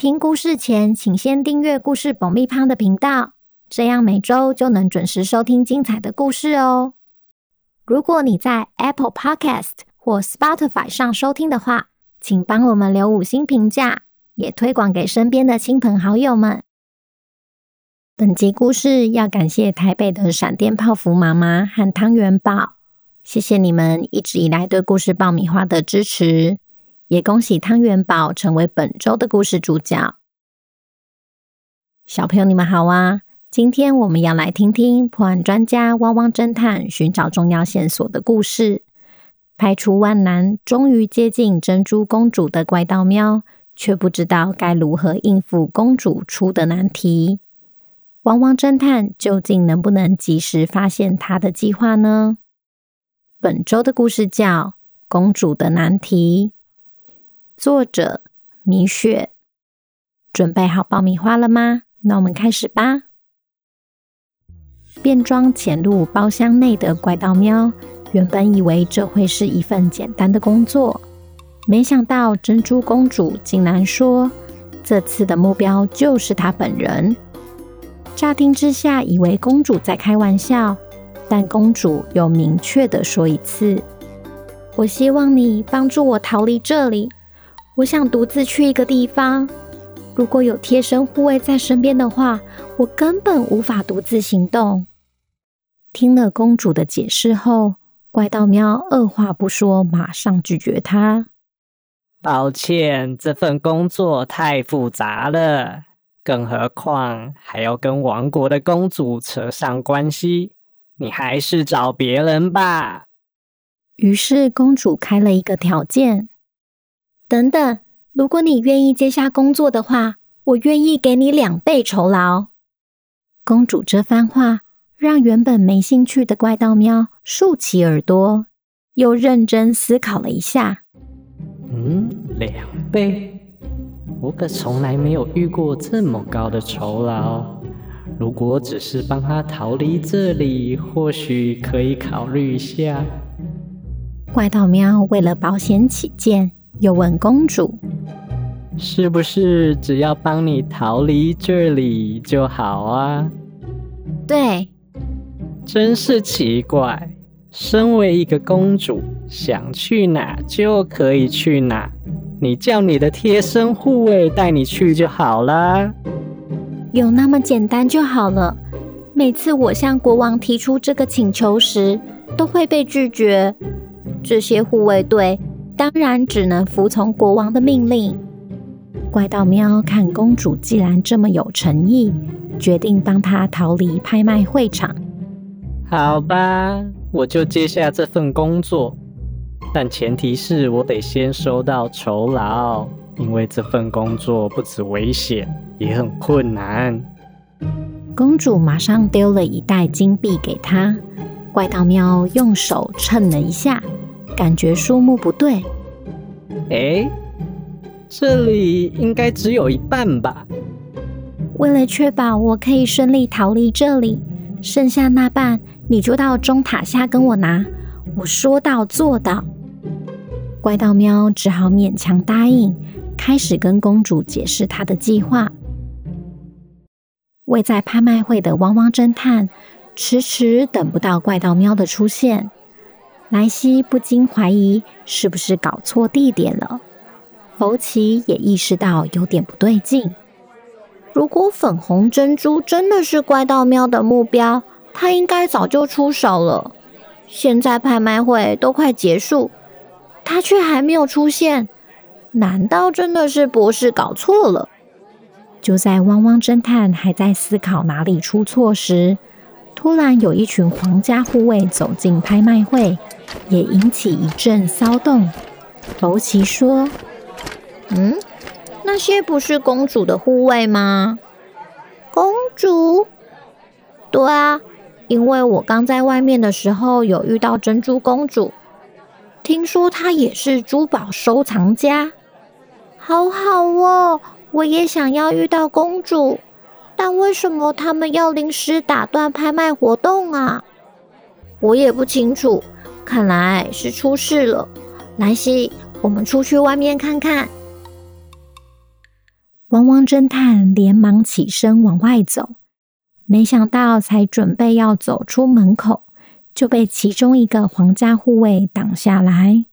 聽故事前，請先訂閱故事爆米花的頻道，這樣每周就能準時收聽精彩的故事哦。如果你在 Apple Podcast 或 Spotify 上收聽的話，請幫我們留五星評價，也推廣給身邊的親朋好友們。本集故事要感謝台北的閃電泡芙媽媽和湯圓寶，謝謝你們一直以來對故事爆米花的支持。也恭喜湯圓寶成為本週的故事主角。小朋友，你們好啊！今天我們要來聽聽破案專家汪汪偵探尋找重要線索的故事。排除萬難，終於接近珍珠公主的怪盜喵，卻不知道該如何應付公主出的難題。汪汪偵探究竟能不能及時發現他的計劃呢？本週的故事叫《公主的難題》。作者米雪，準備好爆米花了嗎？那我們開始吧。變裝潛入包廂內的怪盜喵，原本以為這會是一份簡單的工作，沒想到珍珠公主竟然說這次的目標就是她本人。乍聽之下，以為公主在開玩笑，但公主又明確的說一次：“我希望你幫助我逃離這裡。”我想獨自去一個地方。如果有貼身護衛在身邊的話，我根本無法獨自行動。聽了公主的解釋後，怪盜喵二話不說，馬上拒絕她。抱歉，這份工作太複雜了，更何況還要跟王國的公主扯上關係，你還是找別人吧。於是公主開了一個條件。等等，如果你願意接下工作的話，我願意給你兩倍酬勞。公主這番話讓原本沒興趣的怪盜喵豎起耳朵，又認真思考了一下。嗯，兩倍？我可從來沒有遇過這麼高的酬勞。如果只是幫他逃離這裡，或許可以考慮一下。怪盜喵為了保險起見。有問公主，是不是只要幫你逃離這裡就好啊？對，真是奇怪。身為一個公主，想去哪，就可以去哪，你叫你的貼身護衛帶你去就好啦。有那麼簡單就好了。每次我向國王提出這個請求時，都會被拒絕。這些護衛隊。當然只能服從國王的命令。怪盜喵看公主既然這麼有誠意，決定幫她逃離拍賣會場。好吧，我就接下這份工作，但前提是我得先收到酬勞，因為這份工作不止危險，也很困難。公主馬上丟了一袋金幣給他，怪盜喵用手稱了一下。感覺數目不對，哎、欸，這裡應該只有一半吧？為了確保我可以順利逃離這裡，剩下那半，你就到鐘塔下跟我拿。我說到做到。怪盜喵只好勉強答應，開始跟公主解釋他的計劃。位在拍賣會的汪汪偵探，遲遲等不到怪盜喵的出現。萊西不禁懷疑是不是搞錯地點了。弗奇也意識到有點不對勁。如果粉紅珍珠真的是怪盜喵的目標，他應該早就出手了。現在拍賣會都快結束，他卻還沒有出現。難道真的是博士搞錯了？就在汪汪偵探還在思考哪裡出錯時，突然有一群皇家護衛走進拍賣會，也引起一陣騷動。福奇說：“嗯，那些不是公主的護衛嗎？”公主？對啊，因為我剛在外面的時候有遇到珍珠公主，聽說她也是珠寶收藏家。好好哦，我也想要遇到公主。但為什麼他們要臨時打斷拍賣活動啊？我也不清楚，看來是出事了。蘭西，我們出去外面看看。汪汪偵探連忙起身往外走，沒想到才準備要走出門口，就被其中一個皇家護衛擋下來。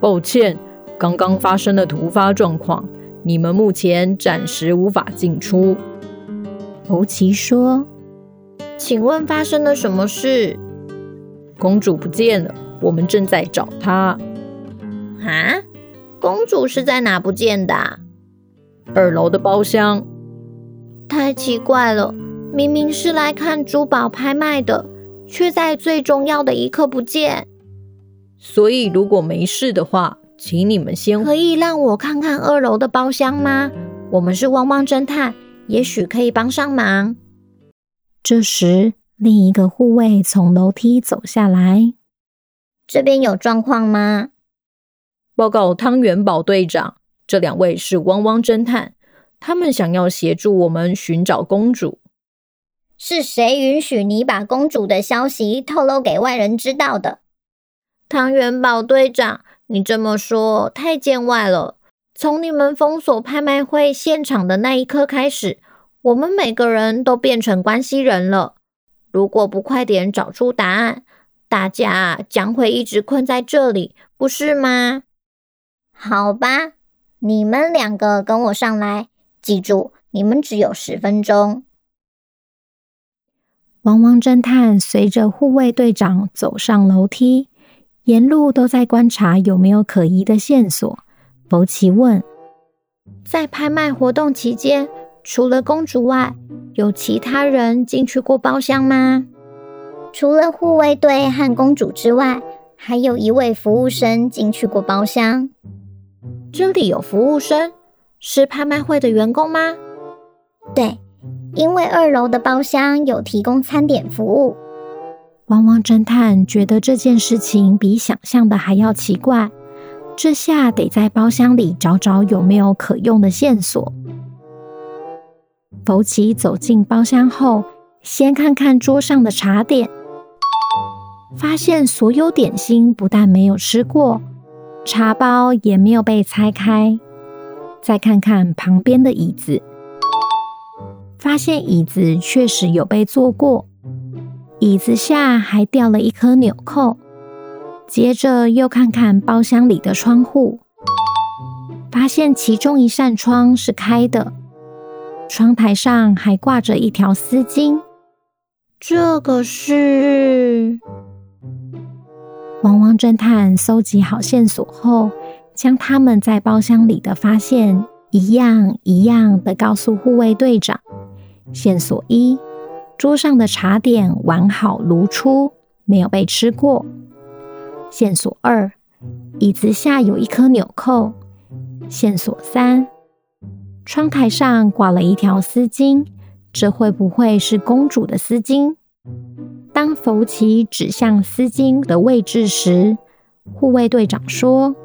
抱歉，剛剛發生了突發狀況，你們目前暫時無法進出。猴奇說：“請問發生了什麼事？公主不見了，我們正在找她。啊，公主是在哪不見的啊？二樓的包廂。太奇怪了，明明是來看珠寶拍賣的，卻在最重要的一刻不見。所以如果沒事的話，請你們先可以讓我看看二樓的包廂嗎？我們是汪汪偵探。”也許可以幫上忙。這時，另一個護衛從樓梯走下來：“這邊有狀況嗎？”“報告湯元寶隊長，這兩位是汪汪偵探，他們想要協助我們尋找公主。”“是誰允許你把公主的消息透露給外人知道的？”“湯元寶隊長，你這麼說太見外了。”從你們封鎖拍賣會現場的那一刻開始，我們每個人都變成關係人了。如果不快點找出答案，大家將會一直困在這裡，不是嗎？好吧，你們兩個跟我上來，記住，你們只有十分鐘。汪汪偵探隨着護衛隊長走上樓梯，沿路都在觀察有沒有可疑的線索。福奇問：“在拍賣活動期間，除了公主外，有其他人進去過包廂嗎？”“除了護衛隊和公主之外，還有一位服務生進去過包廂。”“這裡有服務生，是拍賣會的員工嗎？”“對，因為二樓的包廂有提供餐點服務。”汪汪偵探覺得這件事情比想象的還要奇怪。這下得在包廂裡找找有沒有可用的線索。福奇走進包廂後，先看看桌上的茶點，發現所有點心不但沒有吃過，茶包也沒有被拆開。再看看旁邊的椅子，發現椅子確實有被坐過，椅子下還掉了一顆紐扣。接着又看看包廂裡的窗戶，發現其中一扇窗是開的，窗台上還掛着一條絲巾。這個是。汪汪偵探蒐集好線索後，將他們在包廂裡的發現一樣一樣的告訴護衛隊長。線索一，桌上的茶點完好如初，沒有被吃過。線索二，椅子下有一顆紐扣。線索三，窗台上掛了一條絲巾，這會不會是公主的絲巾？當福奇指向絲巾的位置時，護衛隊長說：“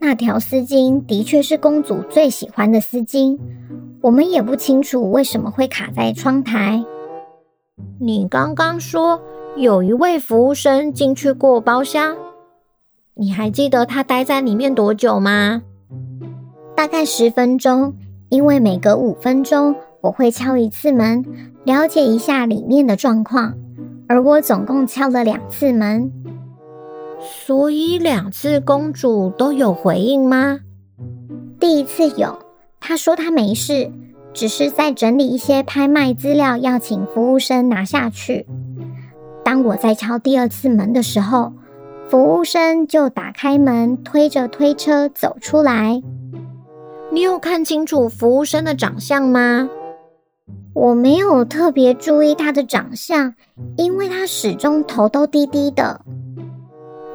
那條絲巾的確是公主最喜歡的絲巾，我們也不清楚為什麼會卡在窗台。”你剛剛說。有一位服務生進去過包廂，你還記得他待在裡面多久嗎？大概十分鐘，因為每隔五分鐘我會敲一次門，了解一下裡面的狀況。而我總共敲了兩次門，所以兩次公主都有回應嗎？第一次有，她說她沒事，只是在整理一些拍賣資料，要請服務生拿下去。當我在敲第二次門的時候，服務生就打開門，推着推車走出來。你有看清楚服務生的長相嗎？我沒有特別注意他的長相，因為他始終頭都低低的。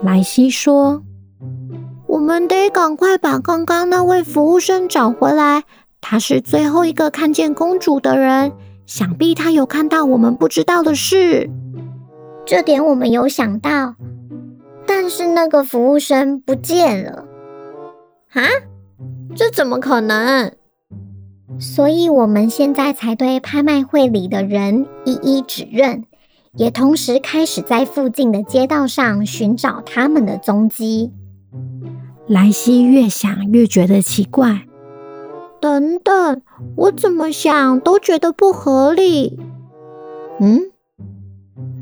萊西說：“我們得趕快把剛剛那位服務生找回來，他是最後一個看見公主的人，想必他有看到我們不知道的事。”這點我們有想到，但是那個服務生不見了。哈？這怎麼可能？所以我們現在才對拍賣會裡的人一一指認，也同時開始在附近的街道上尋找他們的蹤跡。萊西越想越覺得奇怪。等等，我怎麼想都覺得不合理。嗯？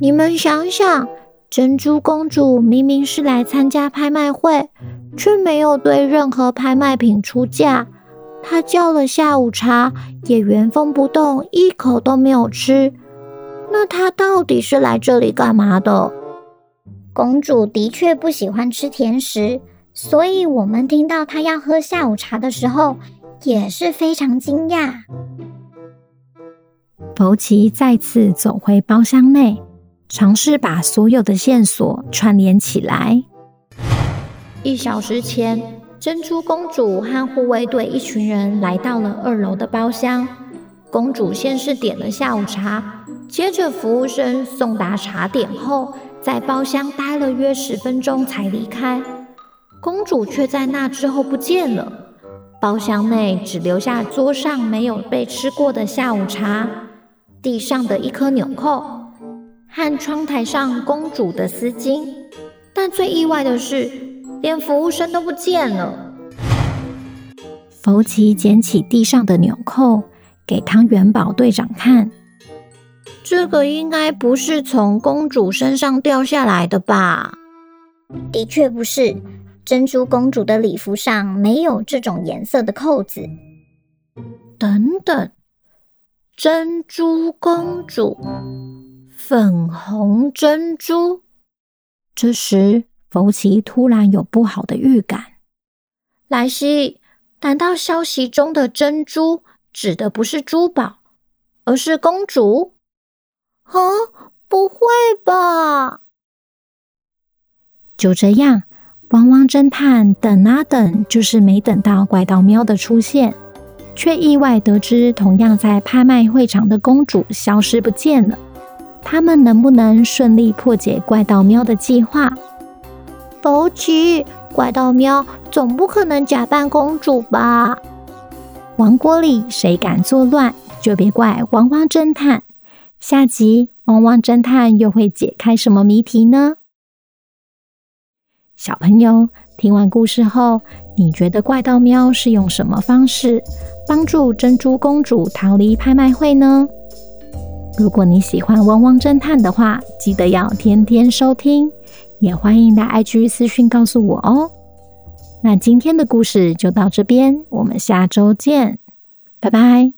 你們想想，珍珠公主明明是來參加拍賣會，卻沒有對任何拍賣品出價。她叫了下午茶，也原封不動，一口都沒有吃。那她到底是來這裡幹嘛的？公主的確不喜歡吃甜食，所以我們聽到她要喝下午茶的時候，也是非常驚訝。弗奇再次走回包廂內。嘗試把所有的線索串聯起來。一小時前，珍珠公主和護衛隊一群人來到了二樓的包廂。公主先是點了下午茶，接着服務生送達茶點後，在包廂待了約十分鐘才離開。公主卻在那之後不見了。包廂內只留下桌上沒有被吃過的下午茶，地上的一顆紐扣。和窗台上公主的絲巾，但最意外的是，連服務生都不見了。福奇撿起地上的紐扣，給湯圓寶隊長看：“這個應該不是從公主身上掉下來的吧？”“的確不是，珍珠公主的禮服上沒有這種顏色的扣子。”等等，珍珠公主。粉紅珍珠。這時，福奇突然有不好的預感。萊西，難道消息中的珍珠指的不是珠寶，而是公主？啊，不會吧！就這樣，汪汪偵探等啊等，就是沒等到怪盜喵的出現，卻意外得知同樣在拍賣會場的公主消失不見了。他們能不能順利破解怪盜喵的計劃？否則，怪盜喵總不可能假扮公主吧？王國裡誰敢作亂，就別怪汪汪偵探。下集汪汪偵探又會解開什麼謎題呢？小朋友聽完故事後，你覺得怪盜喵是用什麼方式幫助珍珠公主逃離拍賣會呢？如果你喜歡汪汪偵探的話，記得要天天收聽，也歡迎來 IG 私訊告訴我哦。那今天的故事就到這邊，我們下周見，拜拜。